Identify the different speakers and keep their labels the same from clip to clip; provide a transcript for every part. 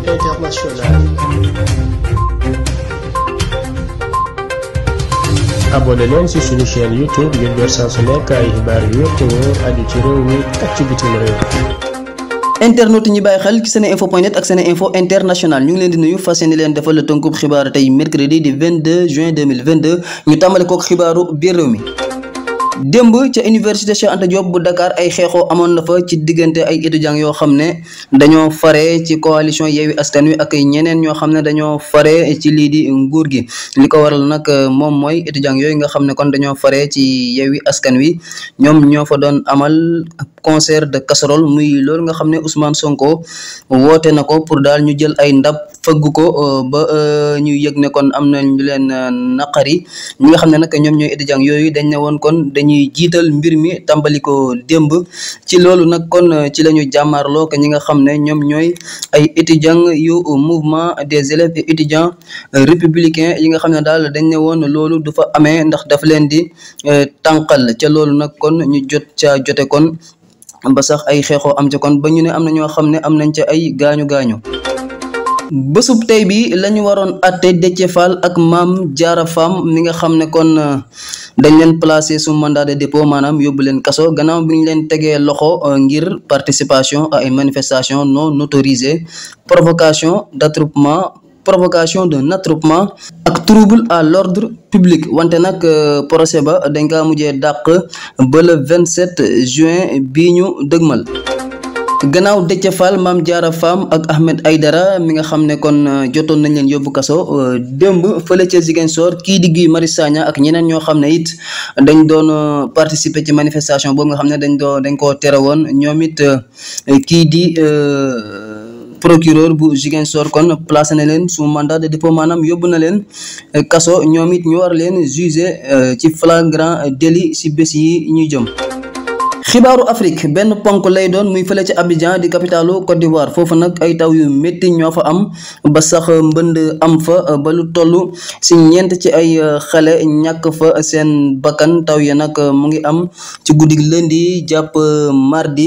Speaker 1: internationale. abonné leen ci suñu chaîne YouTube ngir jot saa su nekk ay xibaar yu yëpp aju ci mi ak ci bitim réew.
Speaker 2: internet ñi xel ci sene info point net ak ñu ngi leen di nuyu fas yéene leen defal la tënkub xibaar tey mercredi di 22 juin 2022 ñu tàmbale kook xibaaru biir réew mi. démb ca université Cheikh Anta Diop bu Dakar ay xeexoo amoon na fa ci diggante ay étudiants yoo xam ne dañoo fare ci coalition Yewwi Askan Wi ak ñeneen ñoo xam ne dañoo fare ci lii di nguur gi li ko waral nag euh, moom mooy étudiants yooyu nga xam ne kon dañoo fare ci Yewwi Askan Wi ñoom ñoo fa doon amal concert de casserole muy loolu nga xam ne Ousmane Sonko woote na ko pour daal ñu jël ay ndab fëgg ko euh, ba euh, ñu yëg ne kon am na ñu leen naqari ñi nga xam ne nag ñoom ñooy étudiants yooyu dañ ne woon kon dañ ñuy jiital mbir mi tàmbali ko démb ci loolu nag kon euh, ci la ñu jàmmaarloo ñi nga xam ne ñoom ñooy ay étudiants yu mouvement des élèves et étudiants euh, républicains yi nga xam ne daal dañ ne woon loolu du fa amee ndax daf leen di euh, tànqal ca loolu nag kon ñu jot ca jote kon ba sax ay xeexoo am ca kon ba ñu ne am na ñoo xam ne am nañ ca ay gaañu gaañu. bésub tey bi la ñu waroon atte Déthié Fall ak maam Diarra Fam mi nga xam ne kon euh, dañ leen placé sous mandat de dépôt maanaam yóbbu leen kaso gannaaw bi ñu leen tegee loxo euh, ngir participation à une manifestation no autorisée provocation d'attroupement provocation d'un attroupement ak trouble à l'ordre public wante nag euh, procès ba dañ kaa mujjee dàq ba le 27 juin bii ñu dëgmal gannaaw Déthié Fall maam Diarra Fam ak Ahmed Aïdara mi nga xam ne kon euh, jotoon nañ leen yóbbu kaso euh, dëmb fële ca Ziguinchor kii di Guy Marius ak ñeneen ñoo xam ne it dañ doon euh, participer ci manifestation boobu nga xam ne dañ doon dañ koo tere woon ñoom it kii di procureur bu Ziguinchor kon placé na leen sous mandat de dépôt maanaam yóbbu na leen kaso ñoom it ñu war leen juger ci flagrant délit si bés yi ñuy jëm xibaaru Afrique benn ponk lay doon muy fële ci Abidjan di capitalu Côte d'Ivoire foofu nag ay taw yu métti ñoo fa am ba sax mbënd am fa ba lu toll si ñeent ci ay euh, xele ñàkk fa seen bakkan taw ya nag euh, mu ngi am ci guddi lundi jàpp euh, mardi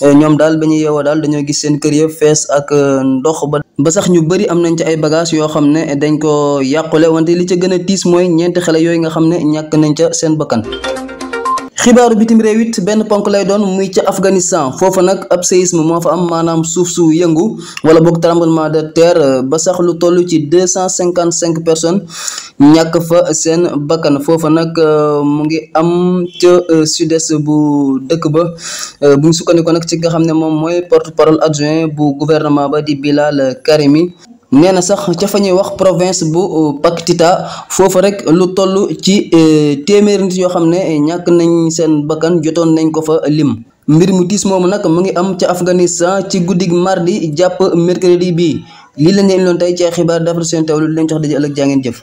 Speaker 2: ñoom daal ba ñu yeewoo daal dañoo gis seen kër ya fees ak ndox ba ba sax ñu bëri am nañ ci ay bagages yoo xam ne dañ ko yàqule wante li ca gën a tiis mooy ñeenti xele yooyu nga xam ne ñàkk nañ ca seen bakkan xibaaru bitim réew it benn ponk lay doon muy ca Afghanistan foofa nag ab séisme moo fa am maanaam suuf su yëngu wala boog tremblement de terre ba sax lu toll ci deux cent cinquante cinq personnes ñàkk fa seen bakkan foofa nag euh, mu ngi am ca euh, sud bu dëkk ba euh, bu ñu sukkandikoo nag ci nga xam ne moom mooy porte-parole adjoint bu gouvernement ba di Bilal Karimi nee na sax ca fa ñuy wax province bu euh, Paktita foofu rek lu toll ci euh, téeméeri nit yoo xam ne ñàkk nañ seen bakkan jotoon nañ ko fa lim. mbir mu tiis moomu nag mu ngi am ca Afghanistan ci guddig mardi jàpp mercredi bii lii lañ leen loon tey ci xibaar d'Afrique seen teewlu di leen jox daje ëllëg jaa ngeen jëf.